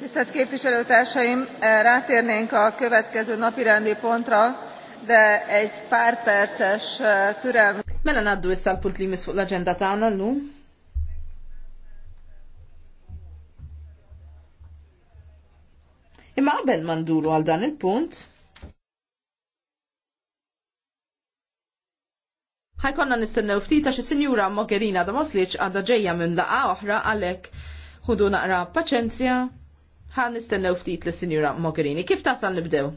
Tisztelt képviselőtársaim, eh, rátérnénk a következő napirendi pontra, de egy pár perces eh, türelmet. Mela naddu issa l-punt li fuq l-agenda tagħna llum. Imma qabel ma nduru għal dan il-punt, ħajkonna nistennew ftit għax is-Sinjura Mogherina Damosliċ għadha ġejja minn laqgħa oħra għalhekk ħudu naqra paċenzja Ħan nistennew ftit l-Sinjura Mogherini. Kif tasal nibdew?